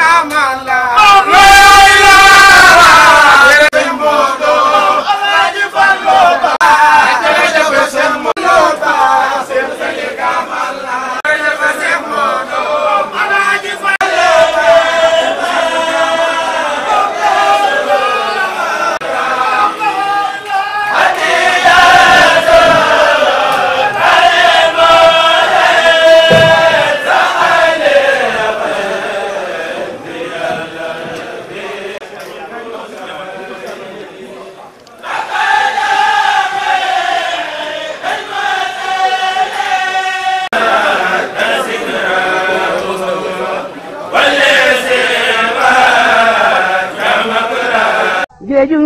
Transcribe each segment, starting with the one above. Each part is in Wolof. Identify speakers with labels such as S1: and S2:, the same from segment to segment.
S1: la la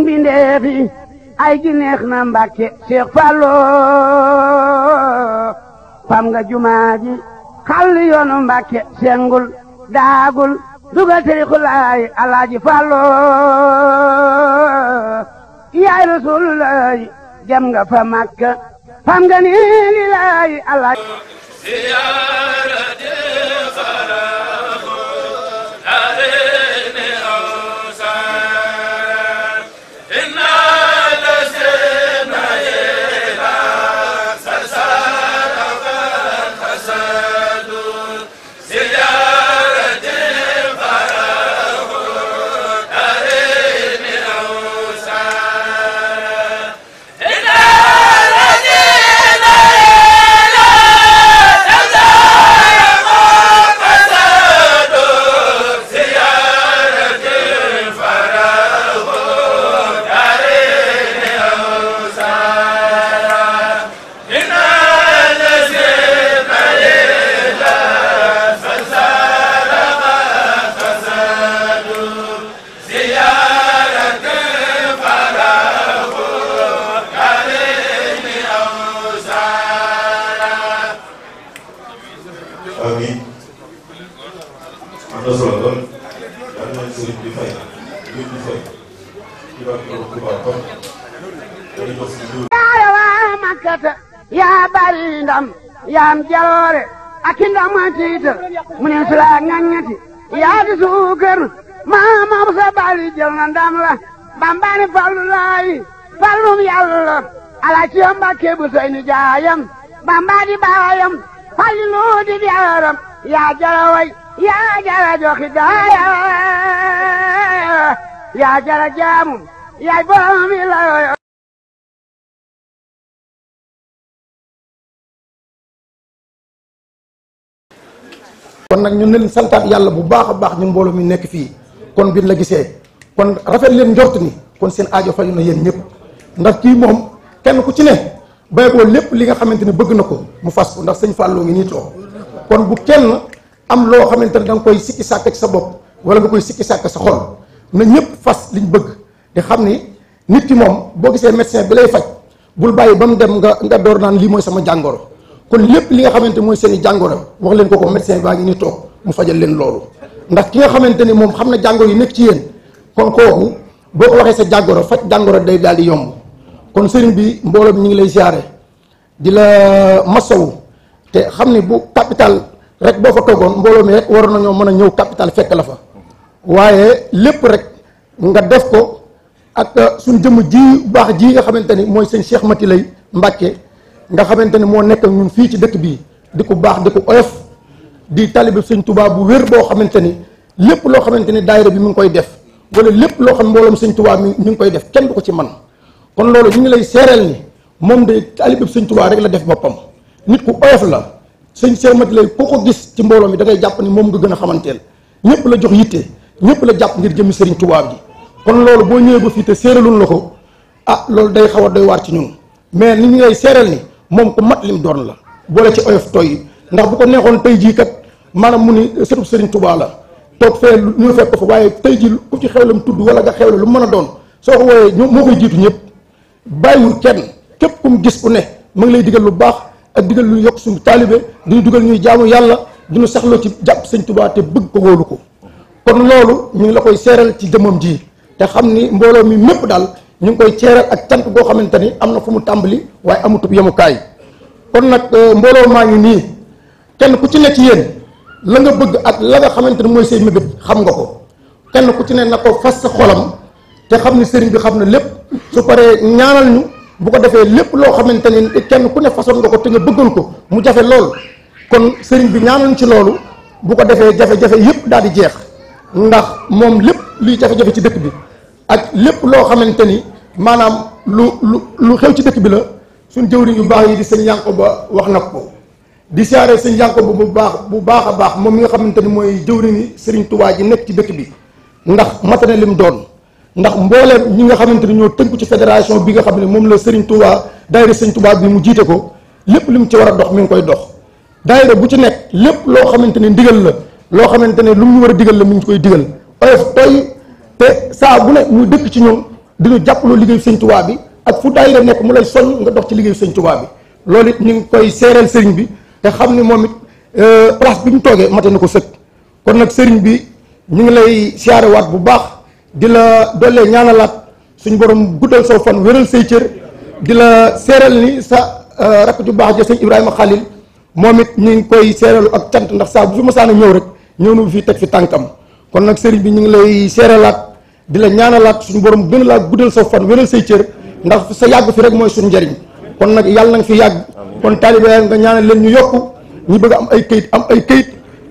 S2: mbindeef yi fam nga jumaa ji xàll yoonu mbàkke sengul daagul dugal tariku laay Fallu yaay rasuulullaay jam nga fa Makka fam nga ni li laay alaaji
S3: siyaara
S2: siital mu ne su laa ŋaññati yaa di suukar maa maam sa bali jël na ndam la bambaani fallu laayi fallum yàlla ala ci yam Mbàkke bu sey ni jaayam bamba di baayam falli loo di yaaram yaa jara way yaa jara joxi daaya yaa jara jaamum yaay borom mi la
S4: nag ñu leen santaat yàlla bu baax a baax ñu mbooloo
S1: mi nekk fii kon biir la gisee kon rafet leen njort ni kon seen aajo faju na yéen ñëpp ndax kii moom kenn ku ci ne bay ko lépp li nga xamante ne bëgg na ko mu fas ko ndax sëñ Fallou ngi nii toog kon bu kenn am loo xamante ne da nga koy sikki sàkk ci sa bopp wala nga koy sikki sàkk sa xol na ñëpp fas liñ bëgg di xam ni nit ki moom boo gisee médecin bi lay faj bul bàyyi ba mu dem nga nga door naan lii mooy sama jàngoro kon lépp li nga xamante mooy seeni jàngoro wax leen ko ko médecin baa ngi ni toog mu fajal leen loolu ndax ki nga xamante ni moom xam na jàngoro yi nekk ci yéen kon kooku boo ko waxee sa jàngoro faj jàngoro day daal di yomb kon sëriñ bi mbooloo mi ñu ngi lay siyaare di la masawu te xam ni bu capital rek boo fa toogoon mbooloo mi rek waroon nañoo mën a ñëw capital fekk la fa waaye lépp rek nga def ko ak uh, suñ jëmm ji baax ji nga xamante ni mooy sëñ Cheikh Mati lay Mbàkke nga xamante ne moo nekk ñun fii ci dëkk bi di ku baax di ku oyof di talibe sëñ tubaab bu wér boo xamante ni lépp loo xamante ni daayira bi mi ngi koy def wala lépp loo xam mbooloom sëñ Tuubaa mi ñu ngi koy def kenn du ko ci man kon loolu ñu ngi lay seereel ni moom de talibe sëñ Tuubaa rek la def boppam nit ku oyof la sëñ Seemat lay ku ko gis ci mbooloo mi da ngay jàpp ni moom nga gën a xamanteel ñëpp la jox yitte ñëpp la jàpp ngir jëmi sëriñ Tuubaa bi kon loolu boo ñëwee ba fii te séeralul la ko ah loolu day xaw a ci ñun mais ni ñu ngay seereel ni moom ku mat lim doon la boole ci oyof toy ndax bu ko neexoon tey jii kat maanaam mu ni sëtub Sëriñ Tuubaa la toog fee ñu fekk ko fa waaye tey ji ku ci xewlam tudd wala nga xewle lu mën a doon soo ko wooyee moo koy jiitu ñëpp bàyyiwul kenn képp kum gis ku ne mu ngi lay digal lu baax ak digal lu yokk suñu taalibe ñu dugal ñuy jaamu yàlla du diñu saxloo ci jàpp Sëriñ Tuubaa te bëgg ko wóolu ko kon loolu ñu ngi la koy seeral ci jëmmam jii te xam ni mbooloo mi mépp daal ñu ngi koy ceeral ak cant goo xamante ni am na fu mu tàmbali waaye amutub yemukaay kon nag euh, mbooloo maa ngi nii kenn ku ci ne ci yéen la nga bëgg ak la nga xamante ni mooy say mébét xam nga ko kenn ku ci ne na ko fas sa xolam te xam ni sëriñ bi xam na lépp su paree ñaanal ñu bu ko defee lépp loo xamante ni kenn ku ne façon nga ko te nga bëggoon ko mu jafe lool kon sëriñ bi ñaanal ñu ci loolu bu ko defee jafe-jafe yépp daal di jeex ndax moom lépp luy jafe ci dëkk bi ak lépp loo xamante ni maanaam lu lu lu xew ci dëkk bi la suñ jëwriñ yu baax yi di sëñ Yankoba wax na ko di siyaare sëñ Yankoba bu baax bu baax a baax moom mi nga xamante ni mooy jëwriñi sëriñ Tuubaa ji nekk ci dëkk bi ndax mate na lim doon ndax mbooleem ñi nga xamante ni ñoo tënku ci fédération bi nga xam ne moom la sëriñ Tuubaa daayira sëñ bi mu jiite ko lépp li mu ci war a dox mi ngi koy dox daayira bu ci nekk lépp loo xamante ni ndigal la loo xamante ne lu mu ñu war a digal la mi ngi koy digal oyof toy te saa bu ne ñu dëkk ci ñoom diñu jàppaloo liggéeyu sëñ Tuubaa bi ak fu daayira nekk mu lay soññ nga dox ci liggéeyu sëñ Tuubaa bi loolu it ñu ngi koy seereel sëriñ bi te xam ni moom it euh, place bi ñu toogee mate ko sëkk kon nag sëriñ bi ñu ngi lay siyaarewaat bu baax di la ñaanalaat suñu borom guddal saw fan wéral say cër di la ni sa euh, rakk ju baax ja sëñ Ibrahima Khalil moom it ñu ngi koy seeralu ak cant ndax saa bu fi masaana ñëw rek ñëw na fi teg fi tànkam kon nag sëriñ bi ñu ngi lay seeralaat di la ñaanalaat suñu borom gën laa guddal sa fan wéral say cër ndax sa yàgg fi rek mooy suñu njariñ kon nag yàlla na fi yàgg kon taalibe nga ñaanal leen ñu yokku ñi bëgg am ay kayit am ay kayit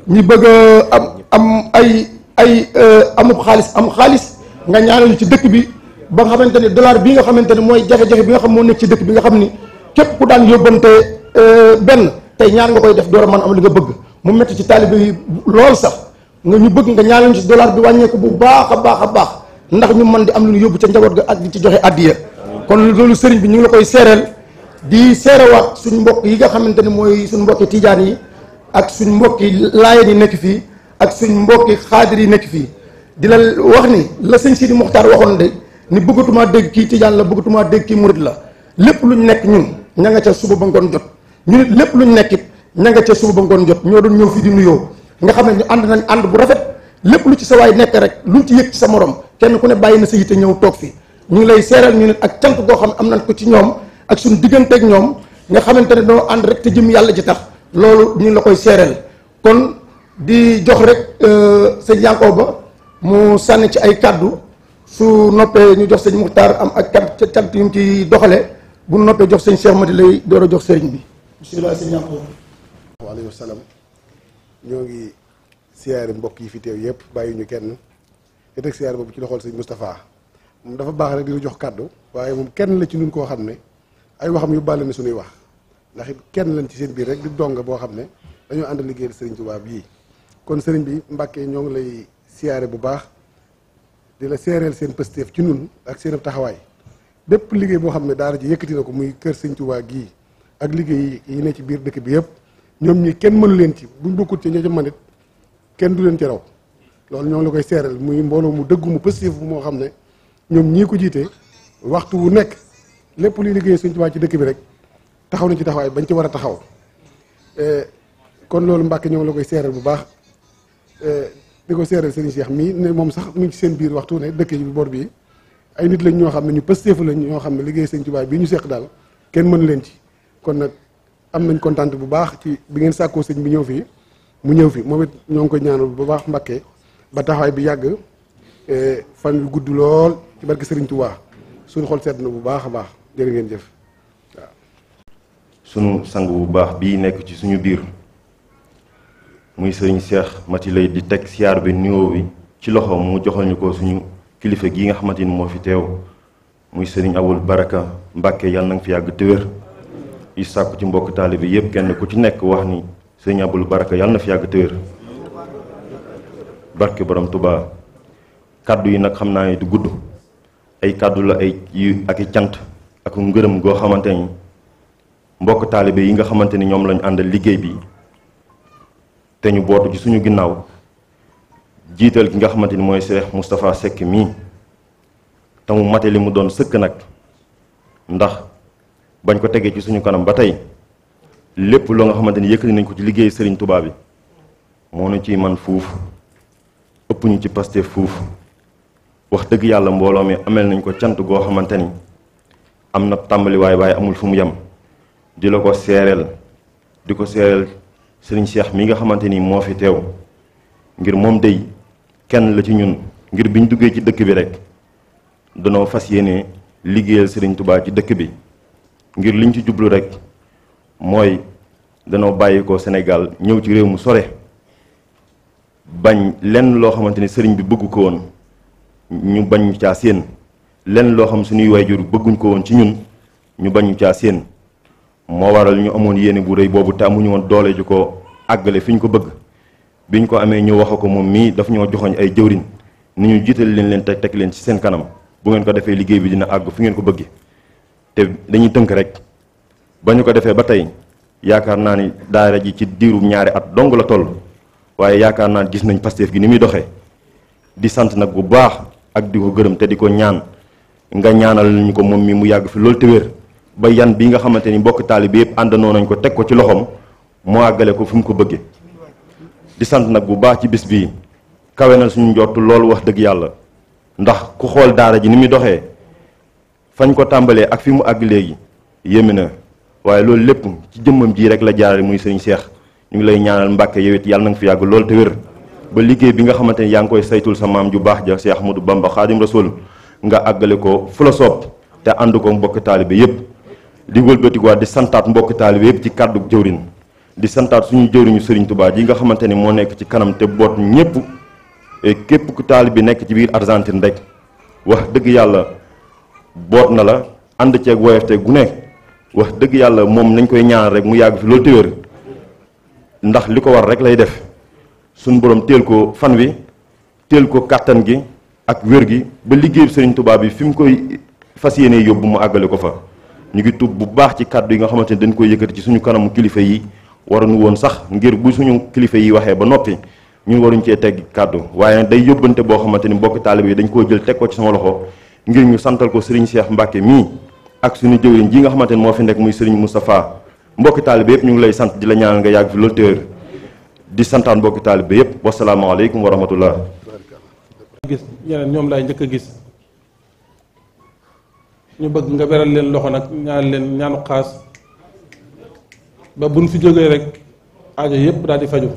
S1: ñi bëgg am am ay ay eh, amub xaalis am xaalis nga ñaanal ñu ci dëkk bi ba nga xamante ne dollar bi nga xamante ne mooy jafe-jafe bi nga xam moo nekk ci dëkk bi nga xam ni képp ku daan yóbbante eh, benn tey ñaar nga koy def door a mën am li nga bëgg mu métti ci taalibe yi lool sax nga ñu bëgg nga ñaanal ñu si dollar bi wàññeeku bu baax a baax a baax ndax ñu man di am lu ñu yóbbu ca njaboot ga ak di ci joxe addiya kon loolu sëriñ bi ñu ngi la koy seereel di seerewaat suñ mbokk yi nga xamante ni mooy suñ mbokki tiijaan yi ak suñ mbokki laayeen yi nekk fii ak suñ mbokki xaadir yi nekk fii di la wax ni la sëñ Sidi Muxtaar waxoon de ni bëggatumaa dégg kii tiijaan la bëggatumaa dégg kii murit la lépp luñ nekk ñun ña nga ca suba ba jot ñu nit lépp luñ nekkit ña nga ca suba ba ngoon jot ñoo doon ñëw fii di nuyoo nga xam ne ànd nañ ànd bu rafet lépp lu ci sa waay nekk rek luñ ci yëg ci sa morom kenn ku ne bàyyi na sa yite ñëw toog fi ñu ngi lay seeral ñu ne ak cant goo xam ne am nañ ko ci ñoom ak suñu digganteeg ñoom nga xamante ne doo ànd rek te jëm yàlla ji tax loolu ñu la koy seeral kon di jox rek euh, sëñ Yankoba mu sànni ci ay kàddu su noppee ñu jox sëñ Muxtaar am ak cant cant yu mu ci doxale bu noppee jox sëñ Cheikh Madi lay door a jox sëriñ bi
S5: bismillah sëñ Yankoba alayhi ñoo ngi siyaare mbokk yi fi teew yëpp bàyyi ñu kenn te teg siyaare boobu ci loxol sëñ Moustapha moom dafa baax rek dina jox kàddu waaye moom kenn la ci ñun koo xam ne ay waxam yu bàlle su nuy wax ndax it kenn lañ ci seen biir rek di dong boo xam ne dañoo ànd liggéeyal sëriñ tubaab bii kon sëriñ bi Mbàkke ñoo ngi lay siyaare bu baax di la seereel seen pësteef ci ñun ak seen taxawaay bépp liggéey boo xam ne daara ji yëkkati na ko muy kër sëriñ gii ak liggéey yi ne ci biir dëkk bi yëpp ñoom ñii kenn mënu leen ci buñ bokkut ci ñoo ca manit kenn du leen ci raw loolu ñoom la koy seereel muy mbooloo mu dëggumu mu moo xam ne ñoom ñii ko jiite waxtu wu nekk lépp luy liggéey Sëñ Tuubaa ci dëkk bi rek taxaw na ci taxawaay bañ ci war a taxaw eh, kon loolu Mbàkke ñoo la koy seeral bu baax eh, di ko seeral Sëriñ Cheikh mii ne moom sax mu ci seen biir waxtu ne dëkk yi bor bii ay nit lañ ñoo xam ne ñu positif lañ ñoo xam ne liggéey Sëñ Tuubaa bii ñu seq daal kenn mënu leen ci kon nag am nañ kontaan bu baax ci bi ngeen sàkkoo sëñ bi ñëw fii mu ñëw fii moom it ñoo ngi koy ñaanal bu baax Mbàkke ba taxawaay bi yàgg eh, fan yu gudd lool ci barke Sëriñ Tuubaa suñu xol sedd na bu baax a baax jërë ngeen jëf waaw.
S4: sunu sang bu baax bii nekk ci suñu biir muy sëriñ Cheikh Mati lay di teg siyaar bi nuyoo ci loxo mu joxal ñu ko suñu kilifa gi nga xamante ni moo fi teew muy sëriñ Abul Baraka Mbàkke yàlla na nga fi yàgg te wér di sàkku ci mbokk taalibe yëpp kenn ku ci nekk wax ni sëñ Abdou Baraka yàlla na fi yàgg téwér barke borom Touba kàddu yi nag xam naa ne du gudd ay kàddu la ay yu ak i cant ak ngërëm goo xamante ni mbokk taalibe yi nga xamante ni ñoom lañu ànd liggéey bi te ñu bootu ci suñu ginnaaw jiital ki nga xamante ni mooy Cheikh Moustapha Seck mii te mu mate li mu doon sëkk nag ndax bañ ko tegee ci suñu kanam ba tey lépp loo nga xamante ni yëkkati nañ ko ci liggéey sëriñ tubaab bi moo nu ciy man fuuf ëpp ñu ci Pastef fuuf wax dëgg yàlla mbooloo mi amel nañ ko cant goo xamante ni am na tàmbaliwaay waaye amul fu mu yem di la ko seereel di ko seereel sëriñ Cheikh mi nga xamante ni moo fi teew ngir moom day kenn la ci ñun ngir biñ duggee ci dëkk bi rek danoo fas yéene liggéeyal sëriñ Tuubaa ci dëkk bi ngir liñ ci jublu rek mooy danoo bàyyi ko Sénégal ñëw ci réew mu sore bañ lenn loo xamante ni sëriñ bi bëggu ko woon ñu bañ caa séen lenn loo xam suñuy waajur bëgguñ ko woon ci ñun ñu bañ caa séen moo waral ñu amoon yéene bu rëy boobu te amuñu woon doole ju ko àggale fi ñu ko bëgg bi ñu ko amee ñu wax ko moom mii daf ñoo joxoñ ay jëwriñ ni ñu jiital leen leen teg teg leen ci seen kanam bu ngeen ko defee liggéey bi dina àgg fi ngeen ko bëgg te dañuy tënk rek ba ñu ko defee ba tey yaakaar naa ni daara ji ci diiru ñaari at dong la toll waaye yaakaar naa gis nañ Pastef gi ni muy doxee di sant nag bu baax ak di ko gërëm te di ko ñaan nga ñaanal ñu ko moom mi mu yàgg fi loolu te ba yan bi nga xamante ni mbokk taalibe yëpp àndandoo nañ ko teg ko ci loxoom mu àggale ko fi mu ko bëggee di sant nag bu baax ci bis bii kawe na suñu njott loolu wax dëgg yàlla ndax ku xool daara ji ni muy doxee. fañ ko tàmbalee ak fi mu àgg léegi yéeme na waaye loolu lépp ci jëmmam jii rek la jaarale muy sëriñ Cheikh ñu ngi lay ñaanal Mbàkke yow yàlla na nga fi yàgg loolu te wér ba liggéey bi nga xamante ni yaa ngi koy saytul sa maam ju baax ja Cheikh Ahmadou Bamba Xaadim Rasul nga àggale ko fu la soob te ànd ko mbokk taalibe yëpp di wëlbatikuwaat di santaat mbokk taalibe yëpp ci kàddu jëwrin di santaat suñu jëwriñu sëriñ Tubaa ji nga xamante ni moo nekk ci kanam te boot ñëpp képp ku taalibe nekk ci biir Argentine rek yàlla boot na la ànd ceeg woyefte gu ne wax dëgg yàlla moom nañ koy ñaan rek mu yàgg fi loolu téwér ndax li ko war rek lay def suñu borom teel ko fan wi teel ko kàttan gi ak wér gi ba liggéey Serigne Touba bi fi mu koy fas yéene yóbbu mu àggale ko fa ñu ngi tub bu baax ci kàddu yi nga xamante ne dañ koy yëkkati ci suñu kanamu kilifa yi waroon woon sax ngir bu suñu kilifa yi waxee ba noppi ñun waruñ cee teg kàddu waaye day yóbbante boo xamante ni mbokki taalibe yi dañ koo jël teg ko ci sama loxo ngir ñu santal ko Serigne Cheikh Mbacke mii ak suñu jëwriñ ji nga xamante ne moo fi nekk muy Serigne Moustapha mbokki taalibe yëpp ñu ngi lay sant di la ñaanal nga yàgg fi loolu téer di santaan mbokki taalibe yëpp wasalaamaaleykum wa rahmatullah
S6: gis ñeneen ñoom laay jëkk a gis ñu bëgg nga beral leen loxo nag ñaan leen ñaanu xaas ba buñ fi jógee rek ajo yëpp daal di faju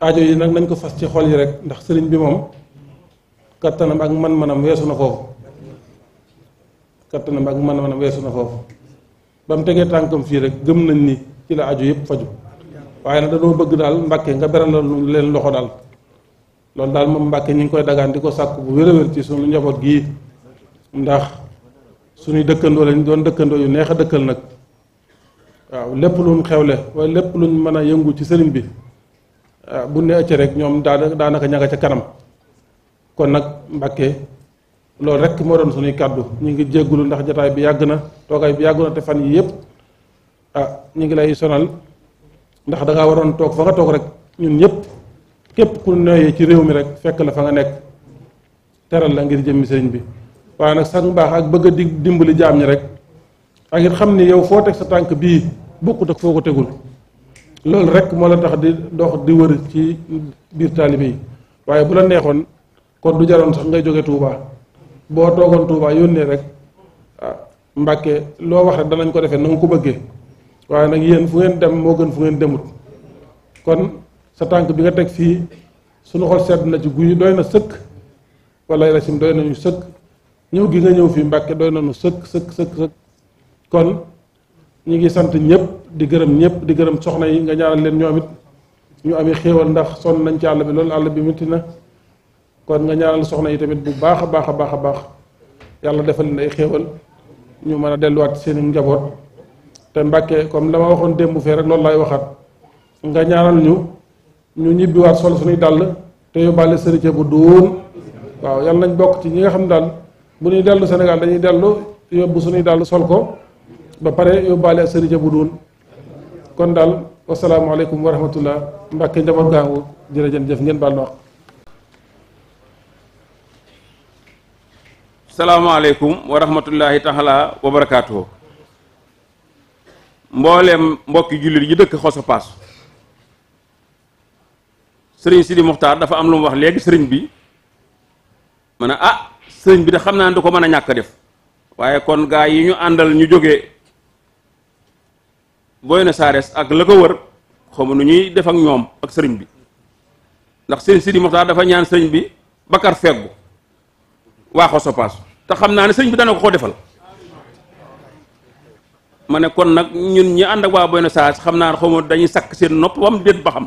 S6: ajo yi nag nañ ko fas ci xol yi rek ndax sëriñ bi moom kattanam ak man-manam weesu na foofu kattanam ak man-manam weesu na foofu ba mu tegee tànkam fii rek gëm nañ ni ci la aju yëpp faju waaye nag dañoo bëgg daal mbakke nga beralal leen loxo daal loolu daal moom mbakke ñu ngi koy dagaan di ko sàkk bu wér-wér ci suñu njaboot gi ndax suñuy dëkkandoo lañ doon dëkkandoo yu neex a dëkkal nag waaw lépp luñ xewle waaye lépp luñ mën a yëngu ci sëriñ bi ah, bu ne ëcc rek ñoom da daanaka ña nga ca kanam kon nag Mbàkke loolu rek moo doon suñuy kàddu ñu ngi jéggulu ndax jataay bi yàgg na toogaay bi yàgg na te fan yi yëpp ah ñu ngi lay sonal ndax danga waroon toog fa nga toog rek ñun ñëpp képp ku nooyee ci réew mi rek fekk la fa nga nekk teral la ngir jëmmi sëriñ bi waaye nag sax mbaax ak bëgg a di dimbali jaam ñi rek a it xam ni yow foo teg sa tànk bii bokkut ak foo ko tegul loolu rek moo la tax di dox di wër ci biir taalibe yi waaye bu la neexoon kon du jaroon sax ngay jóge Touba boo toogoon tuubaa yónnee rek ah Mbàkke loo wax rek danañ ko defee na ko bëggee waaye nag yéen fu ngeen dem moo gën fu ngeen demut kon sa tànk bi nga teg fii suñu xol sedd na ci guy doy na sëkk wala rasim doy nañu sëkk ñëw gi nga ñëw fii Mbàkke doy nañu sëkk sëkk sëkk sëkk kon ñu ngi sant ñëpp di gërëm ñëpp di gërëm soxna yi nga ñaanal leen ñoom it ñu amee xéewal ndax sonn nañ ci àll bi loolu àll bi mitti na kon nga ñaanal soxna yi tamit bu baax a baax a baax a baax yàlla defal leen ay xéewal ñu mën a delluwaat seen njaboot te mbàkke comme dama waxoon démb fee rek loolu laay waxaat nga ñaanal ñu ñu ñibbiwaat sol suñuy dàll te yóbbaale sërite bu duun waaw yàlla nañ bokk ci ñi nga xam daal bu ñuy dellu Sénégal dañuy dellu yóbbu suñuy dàll sol ko ba pare yóbbaale sërite bu duun kon daal wasalaamaaleykum wa rahmatullah mbàkke njaboot gaangu jërëjëf ngeen baal na wax
S3: salaamaaleykum wa rahmatullahi taala wa barakaatuhu mbooleem mbokki jullit yi dëkk xosa paas sëriñ Sidi Muxtaar dafa am lu mu wax léegi sëriñ bi ma a ah sëriñ bi de xam naa ne du ko mën a ñàkk def waaye kon gaa yi ñu àndal ñu jógee Buenos Aires ak la ko wër xamu nu ñuy def ak ñoom ak sëriñ bi ndax sëriñ Sidi Muxtaar dafa ñaan sëriñ bi Bakar feggu waaxoo sopaas te xam naa ne sëñ bi dana ko koo defal ma ne kon nag ñun ñi ànd ak waa Buenos Aires xam naa ne xaw ma dañuy sakk seen nopp wam déet ba xam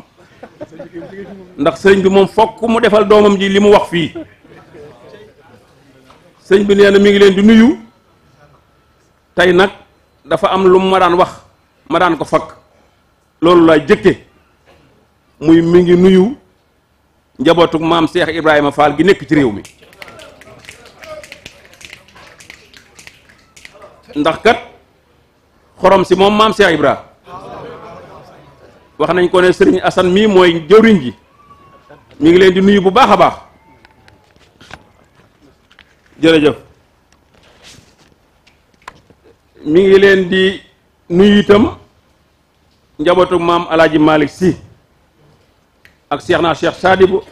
S3: ndax sëñ bi moom fokk mu defal doomam ji li mu wax fii sëñ bi nee na mi ngi leen di nuyu tey nag dafa am lu ma daan wax ma daan ko fakk loolu laay jëkke muy mi ngi nuyu njabootu maam Cheikh Ibrahima Fall gi nekk ci réew mi ndax kat xorom si moom maam Cheikh Ibra wax nañ ko ne sëriñ Assane mii mooy jëwriñ ji mi ngi leen di nuyu bu baax a baax jërëjëf mi ngi leen di nuyu itam njabootu maam alaaji malik si ak Cheikh naa Cheikh Sadibou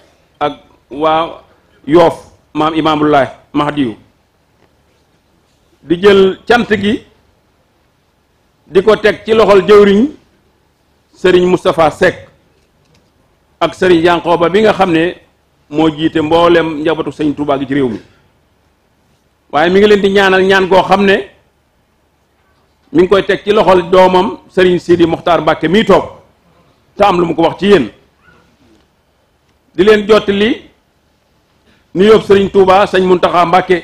S3: ak waa Yoof maam Imaamullah Mahdiyu di jël cant gi di ko teg ci loxol jëwriñ sëriñ Moustapha Seck ak sëriñ Yankooba bi nga xam ne moo jiite mboolem njabatu sëñ Touba gi ci réew mi waaye mu ngi leen di ñaanal ñaan koo xam ne mu ngi koy teg ci loxol doomam sëriñ Sidi Mokhtar Mbacke mii toog te am lu mu ko wax ci yéen di leen jottali nuyoo sëriñ Touba sëñ Mountakha Mbacke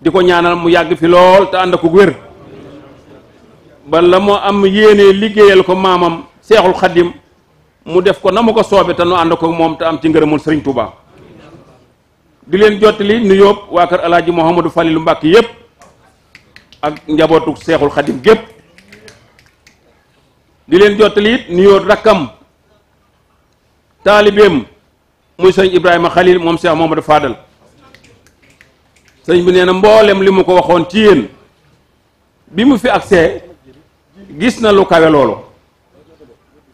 S3: di ko ñaanal mu yàgg fi lool te ànd ak wér ba la mu am yéene liggéeyal ko maamam seexul xaddim mu def ko na mu ko soobee te nu ànd ko moom te am ci ngërëmul sëriñ Touba di leen jottali nu yóbbu waa kër alaaji Mouhamadou Falilou Mbàkke yépp ak njabootu seexul xaddim gépp di leen jottali it nuyoo rakkam taalibeem muy sëñ Ibrahima Khalil moom seex Mouhamadou Fadal sëñ bi nee na mboolem li mu ko waxoon ci yéen bi mu fi agsee gis na lu kawe loolu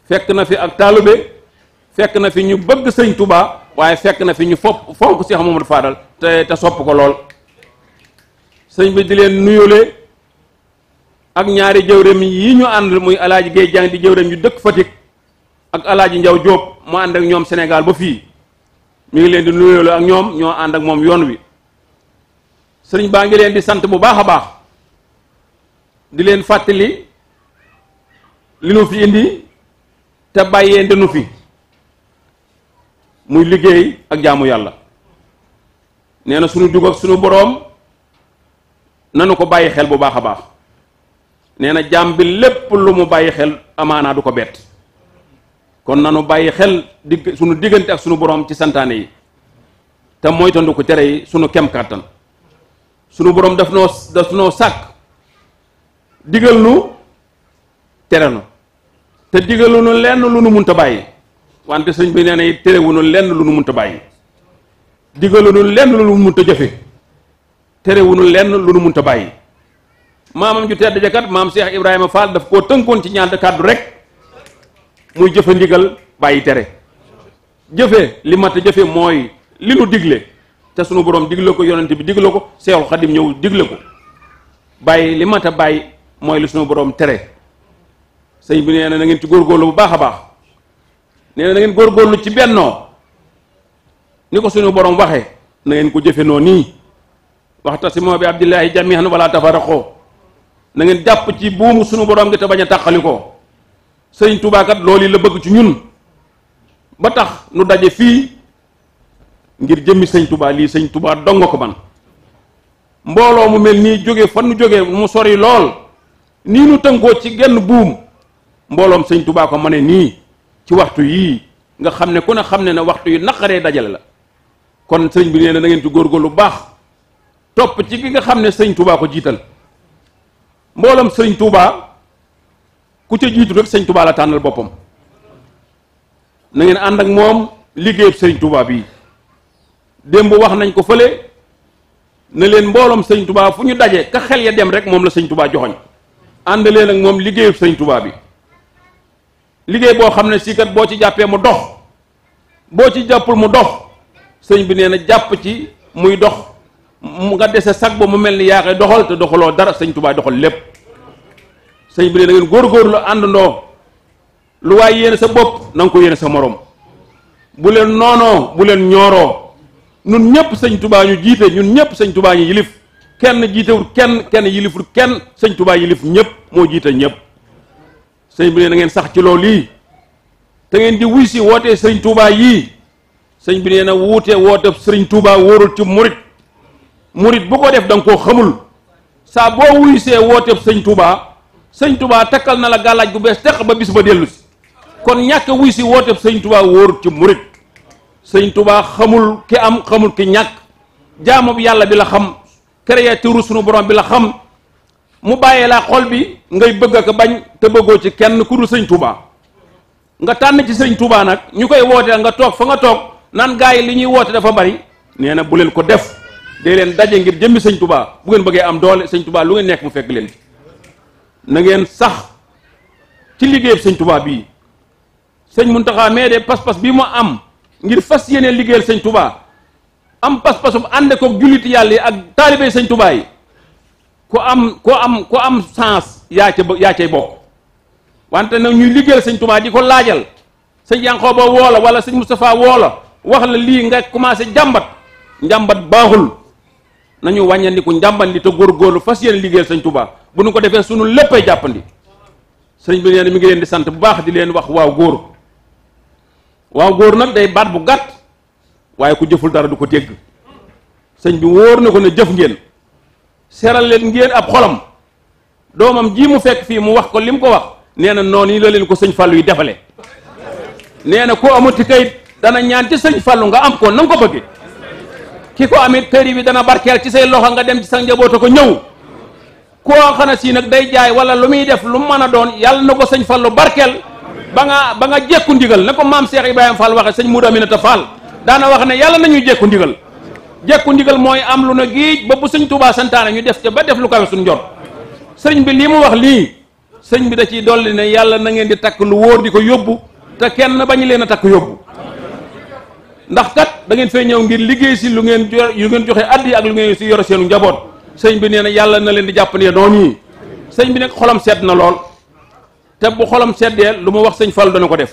S3: fekk na fi ak taalube fekk na fi ñu bëgg sëñ tubaa waaye fekk na fi ñu fopp fonk Cheikh Mamadou Fadal te te sopp ko lool sëñ bi di leen nuyoolee ak ñaari jëwreem yi ñu ànd muy alaaji gee Jang di jëwreem yu dëkk Fatick ak alaaji Njaw Jóob mu ànd ak ñoom Sénégal ba fii mi ngi leen di nuyoole ak ñoom ñoo ànd ak moom yoon wi sëriñ baa ngi leen di sant bu baax a baax di leen fàttali li nu fi indi te bàyyee ndenu fi muy liggéey ak jaamu yàlla nee na sunu dugg ak sunu boroom nanu ko bàyyi xel bu baax a baax nee na jaam bi lépp lu mu bàyyi xel amaanaa du ko bett kon nanu bàyyi xel digg sunu diggante ak sunu boroom ci santaane yi te moytandu ko tere yi sunu kem kàttan sunu boroom daf noo daf noo sàkk digal nu tere nu te digalu nu lenn lu nu munta bàyyi wante sëñ bi nee na nu lenn lu nu munta bàyyi digalu nu lenn lu nu munta jëfe terewu nu lenn lu nu munta bàyyi maamam ju tedd jakat maam Cheikh Ibrahima Fall daf koo tënkoon ci ñaar kàddu rek muy jëfe ndigal bàyyi tere jëfe li mat a jëfe mooy li nu digle te suñu boroom digle ko yonent bi digle ko Seexul Xadim ñëw digle ko bàyyi li mat a bàyyi mooy li suñu boroom tere sëñ bi nee na na ngeen ci góorgóorlu bu baax a baax nee na na ngeen ci bennoo ni ko suñu borom waxee na ngeen ko jëfe noo nii waxtasimu bi abdillahi jamii'an wala tafarraqu na ngeen jàpp ci buumu sunu borom gi te bañ a tàqali ko sëñ tubaakat kat yi la bëgg ci ñun ba tax nu daje fii. ngir jëmmi sañ tubaa lii sëñ tubaa dong ko man mbooloo mu mel nii jóge fan nu jóge mu sori lool nii nu koo ci genn buum mbooloom sëñ tubaa ko ma nii ci waxtu yii nga xam ne ku ne xam ne ne waxtu yi naqaree dajale la kon sëñ bi nee na na ngeen ci góorgóorlu baax topp ci ki nga xam ne sëñ tubaa ko jiital mbooloom sëñ tubaa ku ca jiitu rek sëñ tubaa la tànnal boppam nangeen ànd ak moom liggéeyub sëñ tubaa bii démb wax nañ ko fële ne leen mbooloom sëñ tubaa fu ñu daje ka xel ya dem rek moom la sëñ tubaa joxoñ ànd leen ak moom liggéeyu sëñ tubaa bi liggéey boo xam ne si boo ci jàppee mu dox boo ci jàppul mu dox sëñ bi nee na jàpp ci muy dox mu nga dese sag ba mu mel ni yaa koy doxal te doxaloo dara sëñ tubaa doxal lépp sëñ bi nee na ngeen góorgóorlu àndandoo lu waay yéene sa bopp na nga ko yéene sa moroom bu leen noonoo bu leen ñooroo nun ñëpp sëñ tubaa ñu jiite ñun ñëpp sëñ tubaa ñu yilif kenn jiitewul kenn kenn yiliful kenn sëñ tubaa yilif ñëpp moo jiite ñëpp sëñ bi ne a ngeen sax ci loolu yi te ngeen di wuy si wootee sëriñ tuubaa yii sëñ bi nee na wuute woote sëriñ tuubaa wóorul ci murit murit bu ko def da nga koo xamul saa boo wuy see woote sëñ tuubaa sëñ tuubaa takkal na la gàllaaj gu bees teq ba bis ba dellu si kon ñàkk wuy si woote sëñ tuubaa wóorul ci murit sëñ tubaa xamul ki am xamul ki ñàkk jaamu yàlla bi la xam créature sunu borom bi la xam mu bàyyee laa xol bi ngay bëgg ak bañ te bëggoo ci kenn ku dul sëñ tubaa nga tànn ci sëñ tubaa nag ñu koy wootee nga toog fa nga toog naan gaa yi li ñuy woote dafa bari nee na bu leen ko def dee leen daje ngir jëmmi sëñ tubaa bu ngeen bëggee am doole sëñ tubaa lu ngeen nekk mu fekk leen na nangeen sax ci liggéeyam sëñ tubaa bii sëñ Muntaxa mee de am ngir fas yéene liggéeyal sëñ tubaa am pas-pasum ànd ko jullit yàlla yi ak taalibey sëñ tubaa yi ku am ku am ku am sens yaa ca yaa cay bokk wante nag ñuy liggéeyal sëñ tubaa di ko laajal sëñ Yankoba woo wala sëñ Moustapha woo wax la lii nga commencé jàmbat njàmbat baaxul nañu wàññandiku njàmbat li te góor góorgóorlu fas yéene liggéeyal sëñ tubaa bu nu ko defee sunu léppay jàppandi sëñ bi nee na mi ngi leen di sant bu baax di leen wax waaw góor waaw góor nag day baat bu gàtt waaye ku jëful dara du ko dégg sëñ bi wóor na ko ne jëf ngeen seral leen ngeen ab xolom doomam jii mu fekk fii mu wax ko li mu ko wax nee na noonu yi la leen ko sëñ fallu yi defale nee na koo amuti kayit dana ñaan ci sëñ fàllu nga am ko na nga ko bëgge ki ko amit këri bi dana barkeel ci say loxo nga dem ci sa njaboota ko ñëw koo xana nag day jaay wala lu muy def lu mën a doon yàlla na ko sëñ fàllu barkeel ba nga ba nga jekku ndigal na ko maam Cheikh Ibrahima Fall waxe sëñ Moudou Aminata Fall daana wax ne yàlla nañu jekku ndigal jekku ndigal mooy am lu na géej ba bu sëñ Touba santaane ñu def te ba def lu kawe suñ jot sëñ bi lii mu wax lii sëñ bi da ciy dolli ne yàlla na ngeen di takk lu wóor di ko yóbbu te kenn bañ leen a takk yóbbu ndax kat da ngeen ñëw ngir liggéey si lu ngeen yu ngeen joxe addi ak lu ngeen si yore seenu njaboot sëñ bi nee yàlla na leen di jàpp ne noonu yi sëñ bi nag xolam sedd na lool da bu xolam seddee lu ma wax sëñ fal dana ko def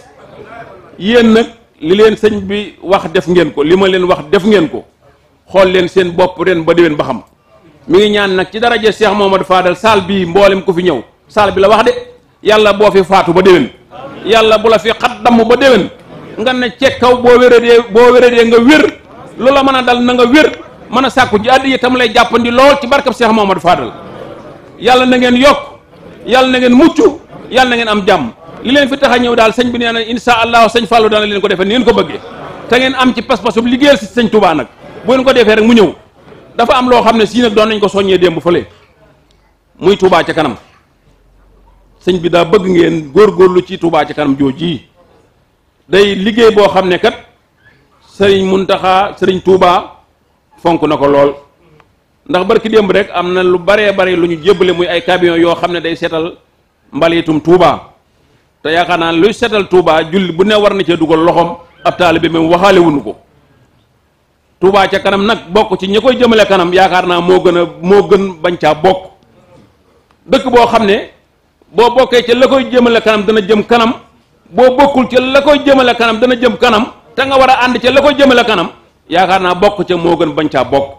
S3: yéen nag li leen sëñ bi wax def ngeen ko li ma leen wax def ngeen ko xool leen seen bopp ren ba déwén ba xam mu ngi ñaan nag ci dara daraja Cheikh Momadou Fadal saal bii mboolem ko fi ñëw saal bi la wax de yàlla boo fi faatu ba déwén yàlla bu la fi xat damm ba déwén nga ne cek kaw boo wéradee boo wéradee nga wér la mën a dal na nga wér mën a sàkku ji àddi tam lay jàppandi lool ci barkab seex Momadou Fadal yàlla yàlla na ngeen mucc yàlla na ngeen am jàmm li leen fi tax a ñëw daal sëñ bi nee na insha allah sëñ Fallou dana leen ko defee ni ngeen ko bëggee te ngeen am ci pas-pasub liggéeyal si sëñ Touba nag bu ngeen ko defee rek mu ñëw dafa am loo xam ne sii nag doon nañ ko soññee démb fële muy tuubaa ci kanam sëñ bi daa bëgg ngeen góor góorgóorlu ci Touba ci kanam jooju yi day liggéey boo xam ne kat sëriñ Muntaxa sëriñ Touba fonk na ko lool ndax barki démb rek am na lu baree bare lu ñu jébbale muy ay yoo xam ne day seetal. mbaliitum Touba te yaakaar naa luy setal tuuba julli bu ne war na cee dugal loxoom ab taalibe moom waxaale ko Touba ca kanam nag bokk ci ña koy jëmale kanam yaakaar naa moo gën a moo gën bañ bokk dëkk boo xam ne boo bokkee ca la koy jëmale kanam dana jëm kanam boo bokkul ca la koy jëmale kanam dana jëm kanam te nga war a ànd ca la koy jëmale kanam yaakaar naa bokk ca moo gën bañ caa bokk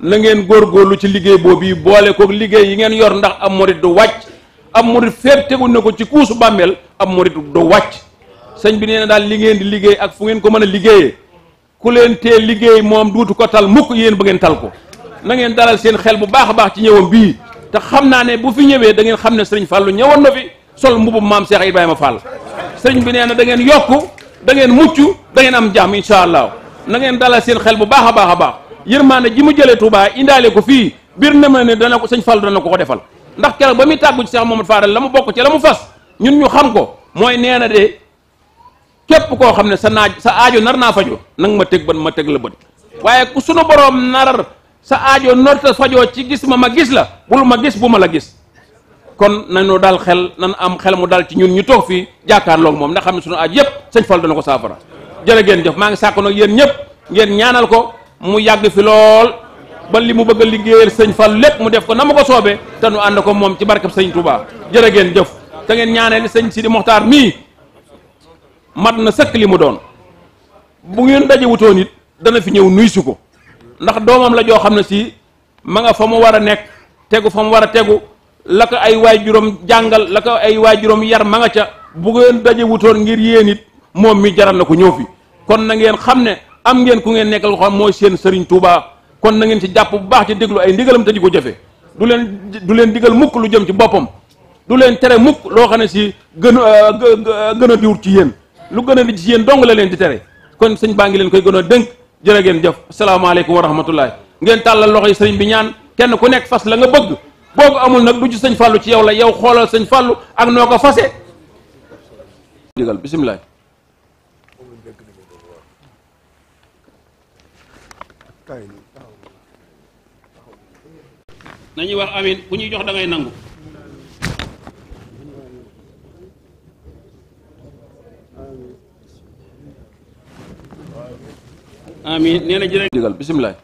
S3: na ngeen góorgóorlu ci liggéey boobu boole ko liggéey yi ngeen yor ndax am murit du wàcc. am murit fépp teguñ na ko ci kuusu bàmmeel am murit du wàcc sëñ bi nee daal li ngeen di liggéey ak fu ngeen ko mën a liggéeyee ku leen tee liggéey moom duutu ko tal mukk yéen ba ngeen tal ko na ngeen dalal seen xel bu baax a baax ci ñëwam bii te xam naa ne bu fi ñëwee da xam ne sëriñ Fallou ñëwoon na fi sol mbubu maam Cheikh Ibrahima Fall sëriñ bi da ngeen yokku da ngeen mucc da ngeen am jàmm incha allah na ngeen dalal seen xel bu baax a baax a baax yërmaande ji mu jëlee Touba indaale ko fii biir na ma ne dana ko sëñ Fallou dana ko ko defal ndax keroog ba muy tàggu ci Cheikh Mamadou Fadal la mu bokk ci la mu fas ñun ñu xam ko mooy nee na de képp koo xam ne sa naaj sa aajo nar naa fajo nang ma teg ban ma teg la bët waaye ku sunu boroom nar sa aajo norta fajoo ci gis ma ma gis la bul ma gis bu ma la gis kon nañu daal xel nan am xel mu dal ci ñun ñu toog fii jàkkaarloog moom ndax xam ne sunu aajo yëpp sëñ Fall dana ko saafara jërë ngeen jëf maa ngi sàkk nag yéen ñëpp ngeen ñaanal ko mu yàgg fi lool ba li mu bëgg a liggéeyal sëñ Fall lépp mu def ko na ma ko soobee te nu ànd ko moom ci barkeb sëñ Touba jërë ngeen jëf te ngeen ñaaneel sëñ Sidi Mokhtar mii mat na sëkk li mu doon bu ngeen daje wutoon it dana fi ñëw nuyu si ko ndax doomam la joo xam ne si ma nga fa mu war a nekk tegu fa mu war a tegu la ko ay waay juróom jàngal la ko ay waay juróom yar ma nga ca bu ngeen daje wutoon ngir yéen it moom mi jaral na ko ñëw fi kon na ngeen xam ne am ngeen ku ngeen nekkal ko xam mooy seen sëriñ Touba. kon na ngeen ci jàpp bu baax ci déglu ay ndigalam te ko jëfe du leen du leen digal mukk lu jëm ci boppam du leen tere mukk loo xam ne si gën euh, gën a diwut ci yéen lu gën a di ci yéen dong la leen di tere kon sëñ baa ngi leen koy gën a dénk jërë ngeen jëf asalaamaaleykum wa rahmatullahi ngeen loxo yi sëriñ bi ñaan kenn ku nekk fas la nga bëgg boo ko amul nag du ci sëñ fàllu ci yow la yow xoolal sëñ fàllu ak noo ko fase digal bisimilah nañuy wax amin bu ñuy jox da ngay nangu
S2: amin nee na jërë digal
S3: bisimilah